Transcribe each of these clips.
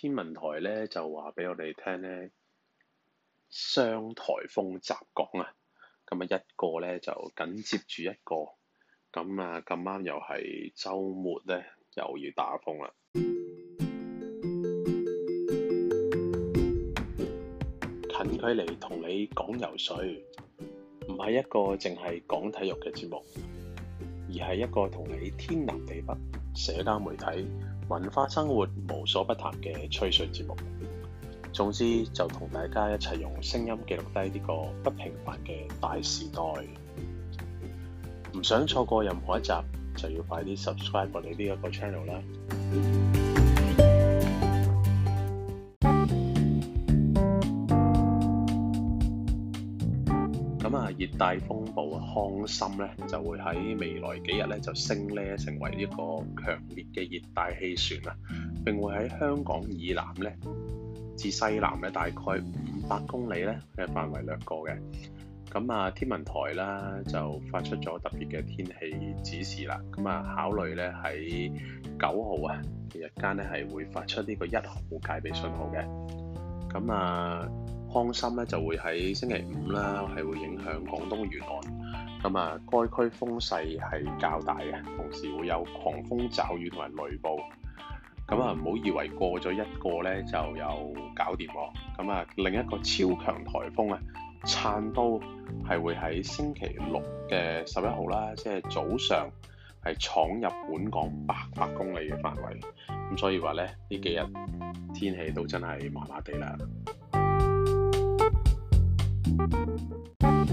天文台咧就話俾我哋聽咧，雙颱風襲港啊！咁啊一個咧就緊接住一個，咁啊咁啱又係週末咧又要打風啦。近距離同你講游水，唔係一個淨係講體育嘅節目，而係一個同你天南地北社交媒體、文化生活無所不談嘅吹水節目，總之就同大家一齊用聲音記錄低呢個不平凡嘅大時代。唔想錯過任何一集，就要快啲 subscribe 我哋呢一個 channel 啦。咁啊，熱帶風暴康森咧，就會喺未來幾日咧就升咧成為一個強烈嘅熱帶氣旋啊！並會喺香港以南咧，至西南咧大概五百公里咧嘅範圍掠過嘅。咁啊，天文台啦就發出咗特別嘅天氣指示啦。咁啊，考慮咧喺九號啊日間咧係會發出呢個一號戒備信號嘅。咁啊～康森咧就會喺星期五啦，係會影響廣東沿岸咁啊。該區風勢係較大嘅，同時會有狂風驟雨同埋雷暴。咁啊，唔好以為過咗一個咧就有搞掂喎。咁啊，另一個超強颱風啊，燦都係會喺星期六嘅十一號啦，即係早上係闖入本港八百公里嘅範圍。咁所以話咧，呢幾日天，天氣都真係麻麻地啦。誒、嗯，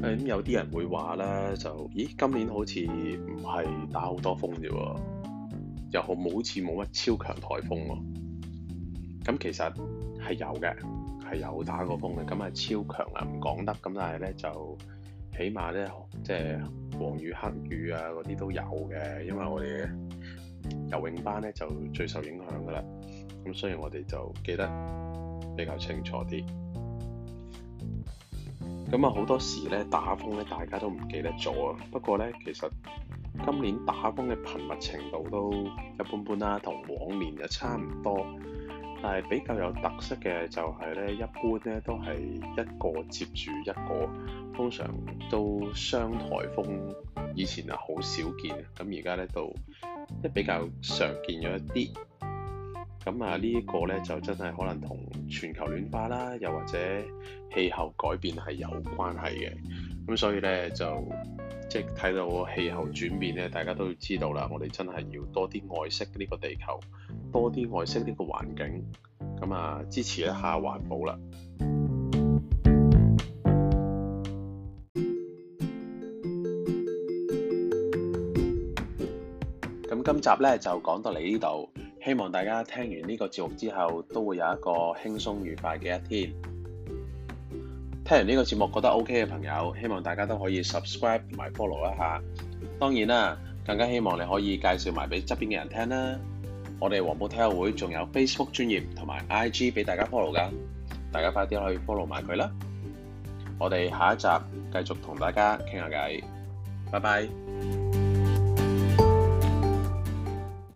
咁有啲人會話咧，就，咦，今年好似唔係打好多風啫，又好冇，好似冇乜超強颱風咯，啊。咁，嗯、其實係有嘅，係有打過風嘅，咁係超強啊，唔講得。咁但係咧就起碼呢，起碼咧，即係黃雨、黑雨啊嗰啲都有嘅，因為我哋游泳班咧就最受影響噶啦。咁所以我哋就記得比較清楚啲。咁啊，好多時咧打風咧，大家都唔記得咗啊。不過咧，其實今年打風嘅頻密程度都一般般啦，同往年又差唔多。但係比較有特色嘅就係咧，一般咧都係一個接住一個，通常都雙颱風，以前啊好少見，咁而家咧都即係比較常見咗一啲。咁啊，呢個呢就真係可能同全球暖化啦，又或者氣候改變係有關係嘅。咁所以呢，就即係睇到氣候轉變呢，大家都知道啦。我哋真係要多啲愛惜呢個地球，多啲愛惜呢個環境。咁啊，支持一下環保啦。咁今集呢，就講到嚟呢度。希望大家聽完呢個節目之後，都會有一個輕鬆愉快嘅一天。聽完呢個節目覺得 OK 嘅朋友，希望大家都可以 subscribe 同埋 follow 一下。當然啦，更加希望你可以介紹埋俾側邊嘅人聽啦。我哋黃埔體育會仲有 Facebook 專頁同埋 IG 俾大家 follow 噶，大家快啲去 follow 埋佢啦。我哋下一集繼續同大家傾下偈，拜拜。